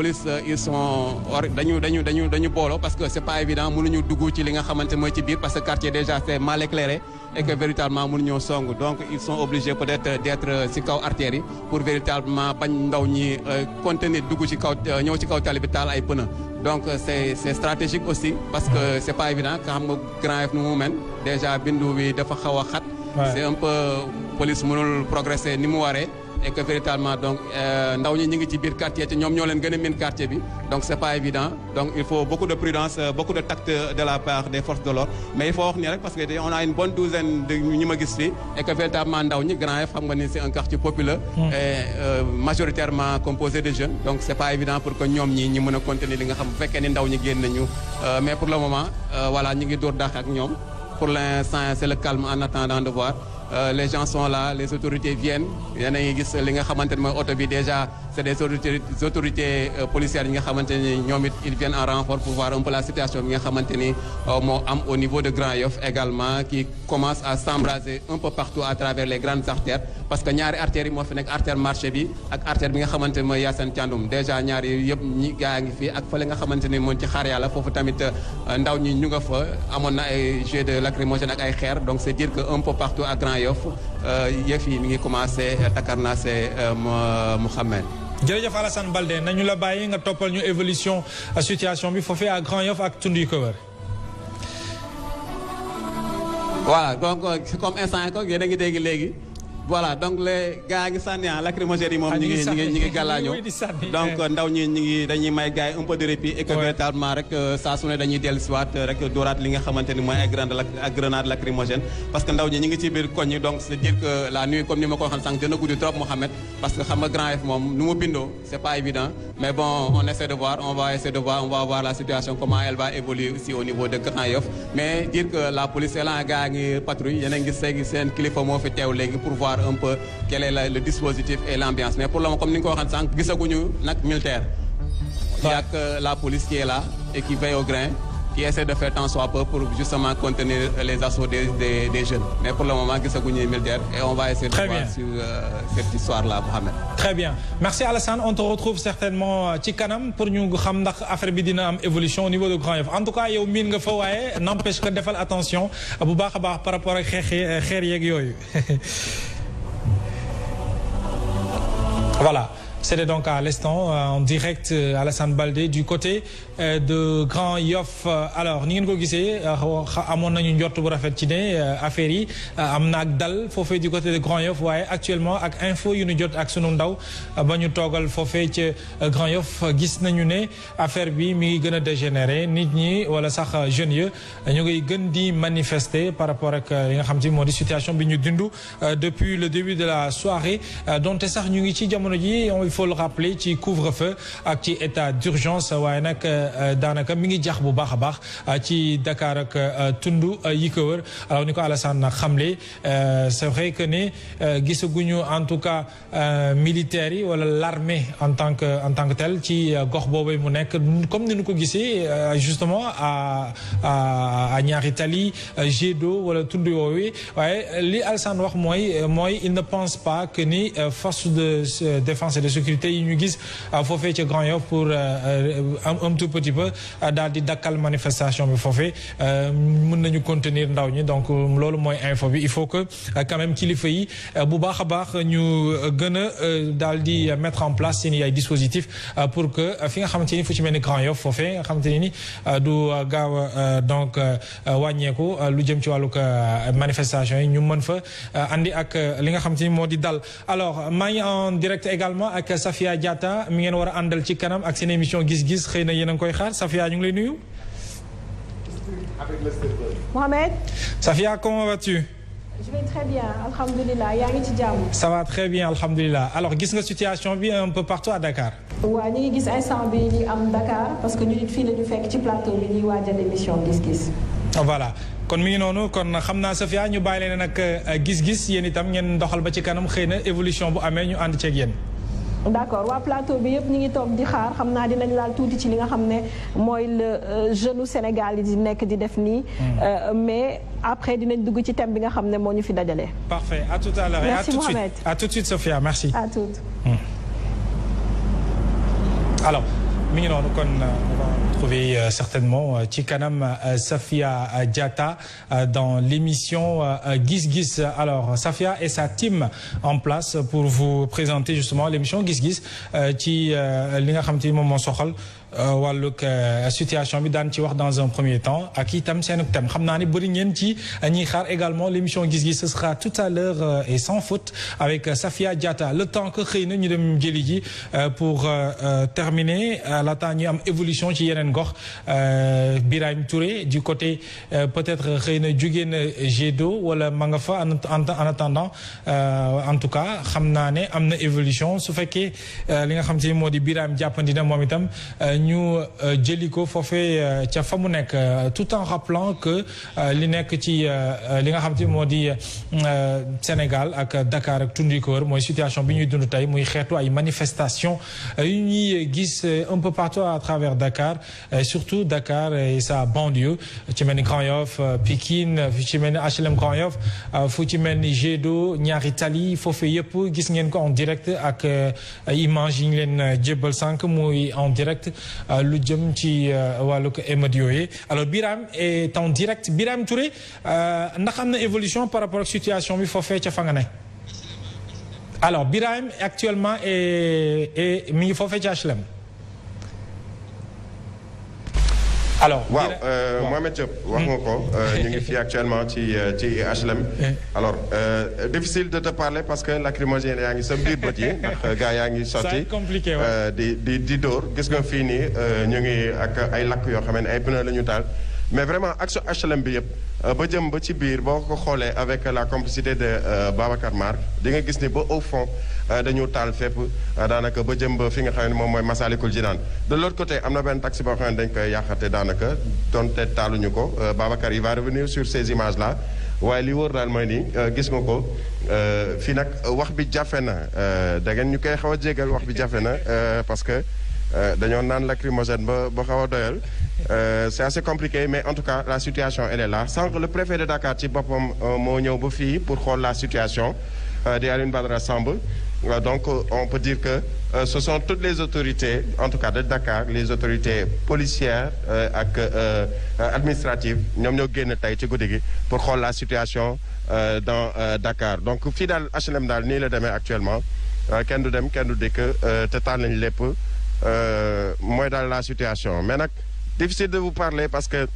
police euh, ils sont dañu dañu dañu dañu booloo parce que c'est pas évident mënuñu dugg ci li nga xamante mooy ci biir parce que quartier déjà c'est mal éclairé et que véritablement mënuñoo song donc ils sont obligés peut-être d'être euh, ci kaw artères yi pour véritablement bañ ndaw ñi euh, contenir dugg ci kaw ñëw ci kaw tali bi taal ay pneus donc c'est c'est stratégique aussi parce que c'est pas évident ka xam nga Grand Yoff nu mu déjà bindu bi dafa xaw a xat c'est un peu police mënul progresser ni mu waree et que véritablement donc euh, ndaw ñi ñu ci biir quartier te ñoom ñoo leen gën miin quartier bi donc c'est pas évident donc il faut beaucoup de prudence euh, beaucoup de tact euh, de la part des forces de l'ordre mais il faut wax rek parce que on a bonne douzaine de ñi ma gis véritablement ndaw ñi Grand Yoff xam nga ni c'est un quartier populaire hmm. et majoritairement composé de jeunes donc c'est pas évident pour que ñoom ñi ñi mën a xam bu Euh, les gens sont là les autorités viennent yéen a ngi gis li nga xamante ne mooy oto bi déjà c'est des autorités euh, policières yi nga xamante ni ñoom it en renfort pour un peu la situation bi nga xamante ni euh, am au niveau de Grand Yoff également qui commence à s'embraser un peu partout à travers les grandes artères parce que ñaari artères yi moo fi marché bi ak artère bi nga xamante mooy Yacine Thiandoum déjà ñaari yëpp ñi gaa ngi fii ak fële nga xamante Yoff euh, yëf yi mi ngi commencé takarnase euh, Mouhamed jërëjëf Alassane Balde nañu la bàyyi nga toppal ñu évolution euh, situation bi foofee à Grand Yoff ak tund yu ko wër voilà donc comme instant ko yéen ngi dégg léegi voilà donc les gars ngi sànni ah lacrymogène moom ah, ñu ngi ñu donc ndaw ñi ñu ngi dañuy may gars yi un de répit et que véritablement rek euh, saa su ne euh, rek dooraat li nga xamante ni mooy ay grande parce que ndaw ñi ñu ngi ci biir koñ donc c'est dire que la nuit comme ni ma ko waxoon sànq dina guddi trop Mohamed parce que xam Grand Yoff moom nu mu bindoo c'est pas évident mais bon on essaie de voir on va essayer de voir on voir un peu la, le dispositif et l'ambiance mais pour le moment comme ni nga ko waxee sànq gisaguñu nag militaire. a que la police qui est là et qui veille au grain qui essaie de faire tant soit peu pour justement contenir les assauts des, jeunes. Mais pour le moment, Gisagouny militaire et on va essayer de bien. voir sur euh, cette histoire-là, Mohamed. Très bien. Merci Alassane. On te retrouve certainement euh, Chikanam pour nous savoir affaire bidina am évolution au niveau de Grand Yoff. En tout cas, yow min nga fa waye n'empêche que defal attention bu baax voilà C'était donc à l'instant euh, en direct euh, Alassane Baldé du côté euh, de Grand Yoff alors ni ngeen ko gisee amoon nañu njort bu rafet ci ne affaire yi am na ak dal foofee du côté de Grand Yoff waaye actuellement ak info yu nu jot ak sunu ndaw ba ñu toogal foofee ca Grand Yoff gis nañu ne affaire bi mi ngi gën a dégénéré nit ñi wala sax jeunes yi ñu ngi gën di manifester par rapport ak li nga xam te moo di situation bi ñu dund depuis le début de la soirée dont sax ñu ngi ci jamono ji faut le ci couvre-feu ak ci état d'urgence waaye nag euh, euh, daanaka mi ngi jax bu baax a baax euh, ci Dakar ak tund yi ko wër alors ni ko Alassane xamle c'est vrai que ne gisaguñu en tout cas militaires yi wala l'armée en tant que en tant que tel ci gox boobu mu nekk comme ni ñu ko gisee justement à à ñaari tali jet wala tund yooyu waaye li Alassane wax mooy mooy il ne pense pas que ni de défense et de sécurité insécurité yi ñu gis euh, foofee ca Grand Yoff pour am euh, euh, un tout petit peu daal di dakkal manifestation bi foofee mën nañu contenir ndaw ñi donc loolu mooy info bi il faut que quand même kilifa yi bu baax a baax ñu gën a daal di mettre en place seen i ay dispositifs pour que fi nga xamante ni fu ci mel ni Grand Yoff foofee nga xamante ni du gaaw a donc wàññeeku lu jëm ci wàllug manifestation yi ñu mën fa andi ak li nga xamante ni moo di dal alors maa en direct également ak Safia Diatta mi ngeen war a àndal ci kanam ak seen émission gis-gis xëy na yéen a koy xaar Safia ñu ngi lay nuyu. Mohamed. Safia comment vas-tu? je vais gis nga situation bi un fekk ci plateau bi ñuy waajal émission gis-gis. voilà kon mu ngi noonu kon xam naa Safia ñu bàyyi leen nag euh, gis-gis yéen itam ngeen doxal ba ci kanam xëy na évolution bu amee ñu ànd ceeg yéen. d'accord waa plateau bi yëpp ñu ngi toog di xaar xam naa dinañ laal tuuti ci li nga xam ne mooy le euh, jeune Sénégal yi di nekk di def nii. Mm. Euh, mais après dinañ dugg ci thème bi nga xam ne moo ñu fi dajale. parfait à tout à l'heure merci à tout Mohamed suite. à tout de suite Sophia merci. à tout. Mm. retrouver euh, certainement euh, ci kanam euh, Safia Diatta dans l'émission Gis Gis. Alors Safia et sa team en place pour vous présenter justement l'émission Gis Gis ci li nga xam te ni moom moo soxal Euh, wàllug euh, situation bi daan ci wax dans un premier temps ak itam seen tam xam naa ne bëri ngeen ci ñiy xaar également l' émission gis-gis ce sera tout à l'heure euh, et sans faute avec Safia Diatta le temps que xëy na ñu dem jëli ji pour terminer laata ñuy am évolution ci yeneen gox Birahim Touré du côté peut-être xëy na jugee na Gédo wala ma nga fa en attendant en tout cas xam naa ne am na évolution su fekkee li nga xam te ni moo di Birahim jàppandi na moom itam. ñu euh, jëli ko foofee euh, ca fa mu nekk euh, tout en rappelant que li nekk ci li nga xam te moo di Sénégal ak Dakar ak tund mooy situation bi ñuy dund tey muy xeetu ay manifestations yu ñuy gis un peu partout à travers Dakar surtout Dakar et sa banlieue ci mel ni Grand Yoff Pikine fu ci mel ni HLM Grand Yoff ci mel ni Jet d'eau ñaari tali foofe yëpp gis ngeen ko en direct ak image yi ñu leen jébbal sànq muy en direct Euh, lu jëm ci euh, wàllu ko émeute yooyu alors Birame est en direct Birame Touré euh, ndax am na évolution par rapport ak situation bi foofee ca fa nga ne alors Birame actuellement est mi ngi foofee ca alors euh, waaw Mohamed Diop wax nga ko euh, hmm. ñu ngi fi actuellement ci euh, ci HLM. Hmm. alors difficile de te parler parce que lacrymogène yaa ngi sa biir bët yi ndax gars yaa ngi sotti. di di di dóor gis nga fii nii ñu ngi ak ay lakk yoo xam ne ay pneu la ñu taal. mais vraiment axe HLM bi yëpp ba jëm ba ci biir boo ko xoolee avec la complicité de Babacar Mar di nga gis ni ba au fond. Euh, dañu taal fépp euh, daanaka ba jëm ba fi nga xam ne moom mooy Masalikul Jinaan de l'autre côté am na benn taxi boo xam ne dañ koy yàqate daanaka donte taaluñu ko euh, Babacar il va revenir sur ces images là waaye li wóor daal mooy nii gis nga ko fii nag wax bi jafe na da ngeen ñu koy xaw a jegal wax bi jafe na parce que dañoo naan lacrymogène ba ba xaw a doyal c'est assez compliqué mais en tout cas la situation elle est là Dakar ci boppam moo ñëw ba fii pour xool la situation di donc euh, on peut dire que euh, ce sont toutes les autorités en tout cas de Dakar les autorités policières euh, ak euh, euh, administratives ñoom ñoo génn tey ci guddi gi pour xool la situation dans Dakar donc fii daal HLM daal nii la demee actuellement kenn du dem kenn du dikk te taal nañ lépp mooy daal la situation mais nag difficile de vous parler parce que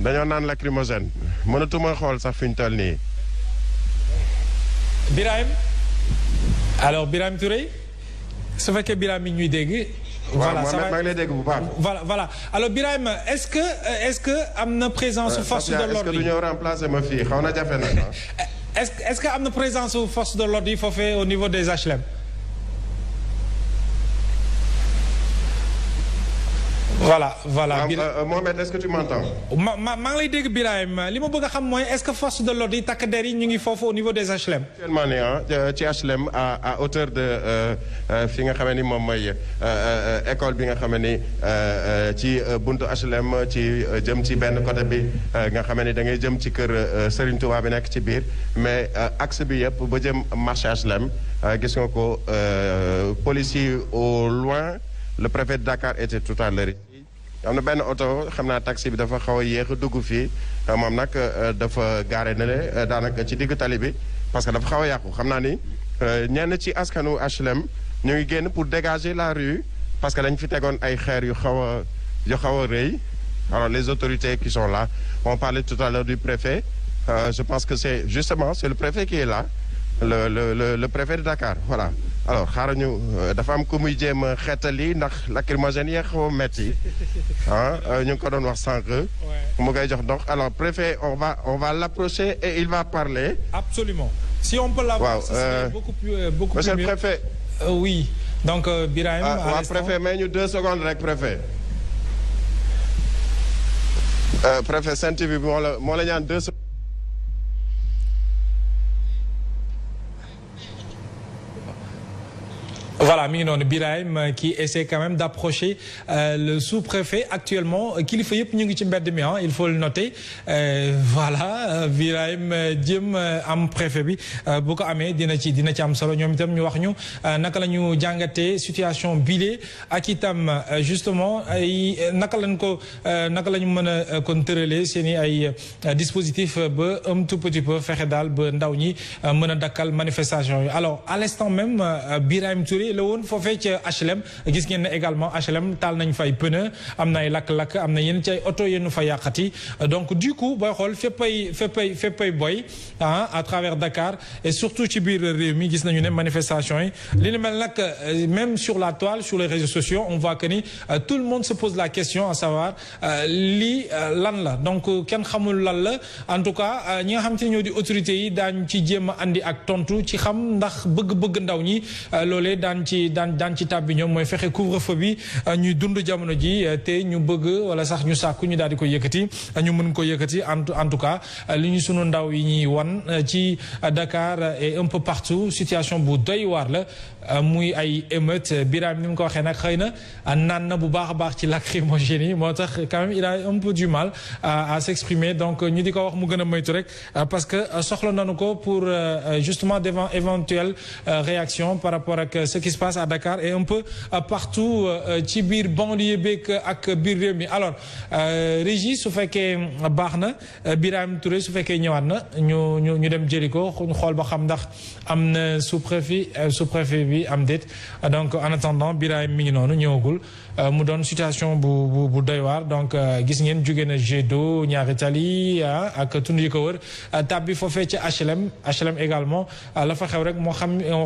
dañoo naan lacrymogène mënatuma xool sax fi ñu toll nii. alors Birame Touré su fekkee Birame mi ñuy dégg. voilà va maa ngi lay dégg bu baax. voilà voilà alors Birame est-ce que est-ce que am na présence. Euh, force de l'ordre yi est-ce ma fii xaw na jafe na. est-ce que na présence force de l'ordre yi foofee au niveau des HLM. voilà voilà. Euh, Mohamed est-ce que tu m'entends. ma ma maa ngi lay dégg Birahim li ma bëgg a xam mooy est-ce que force de l'ordre yi takk der yi ñu ngi foofu au niveau des HLM. actuellement ne ah euh, ci HLM à hauteur de euh, fi nga xam ni moom mooy école bi nga xam ni ci buntu HLM ci jëm ci benn côté bi nga xam ni da ngay jëm ci kër Serigne Touba bi nekk ci biir mais axe bi yëpp ba jëm marché HLM gis nga ko policiers au loin le préfet de Dakar était tout à l'heure am na benn oto xam naa taxi bi dafa xaw a yéex a dugg fii euh, moom nag euh, dafa gaare na euh, daanaka ci diggu tali bi parce que dafa xaw a yàqu xam naa ni ñenn ci askanu HLM ñu ngi génn pour dégager la rue parce que dañ fi tegoon ay xeer yu xaw a yu xaw a rëy alors les autorités qui sont là on parlait tout à l'heure du préfet euh, je pense que c'est justement c'est le préfet qui est là le le le, le préfet de Dakar voilà alors xaaral ñu euh, dafa am ku muy jéem a xeetali ndax lacrymogène yee xaw a metti ah, euh, ñu ngi ko doon wax sànq. mu koy jox ndox alors préfet on va on va l'approcher et il va parler. absolument si on peut l'avoir. waaw euh, beaucoup plus euh, monsieur préfet. oui donc euh, Birahim. Ah, waa ah, préfet may ñu deux secondes rek préfet. préfet Sen TV bi moo la moo la ñaan mi ngi noonu Birahim euh, qui essaie quand d'approcher euh, le sous-préfet actuellement euh, kilifa yëpp ñu ngi ci mbedd mi ah il faut le noter voilà Birahim jëm am préfet bi boo ko amee dina ci dina ci am solo ñoom itam ñu wax ñu naka la ñu jàngatee situation bile ak itam justement ay naka lañ ko naka la ñu mën a kon tëralee seen i ay dispositif ba un tout petit peu fexe daal ba ndaw ñi mën dakkal manifestation yi alors à l'instant même Birahim Touré la woon jëm foofee ca HLM gis ngeen ne également HLM taal nañ fay pneu am na ay lakk-lakk am na yenn ci ay oto yenn fa yàqati donc du coup booy xool féppay féppay féppay boy ah à travers Dakar et surtout ci biir réew mi gis nañu ne manifestation yi li ni mel nag euh, même sur la toile sur les réseaux sociaux on voit que ni euh, tout le monde se pose la question à savoir euh, lii lan la donc kenn xamul lan la en tout cas ñi nga xam te ñoo di autorité yi daañ ci jéem a andi ak tontu ci xam ndax bëgg-bëgg ndaw ñi ci daan daan ci tàbbi ñoom mooy fexe couvre-feu bi euh, ñuy dund jamono ji euh, te ñu bëgg wala sax ñu sàkku ñu daal di ko yëkkati euh, ñu mën ko yëkkati en en tout cas li ñu sunu ndaw yi ñuy wan ci Dakar et un peu partout situation bu doy waar la muy ay émeute Birame ni mu ko waxee nag xëy na naan na bu baax a baax ci lacrymogène yi moo tax quand même il a un peu du mal à s'exprimer donc ñu di ko wax mu gën a moytu rek parce que soxla nañu ko pour justement devant éventuelle réaction par rapport Gossas à Dakar et un peu euh, partout euh, euh, ci biir banlieue beeg ak biir réew mi alors Régis su fekkee baax na Birame Touré su fekkee ñëwaat na ñu ñu ñu dem jëli ko ñu xool ba xam ndax am na sous-préfet sous-préfet bi am déet donc en attendant Birame mi ngi noonu ñëwagul mu doon situation bu bu bu doy waar donc gis ngeen jóge na jet d'eau ñaari tali ah, ak tund yi ko wër tàbbi foofee ci HLM HLM également la fa xew rek moo xam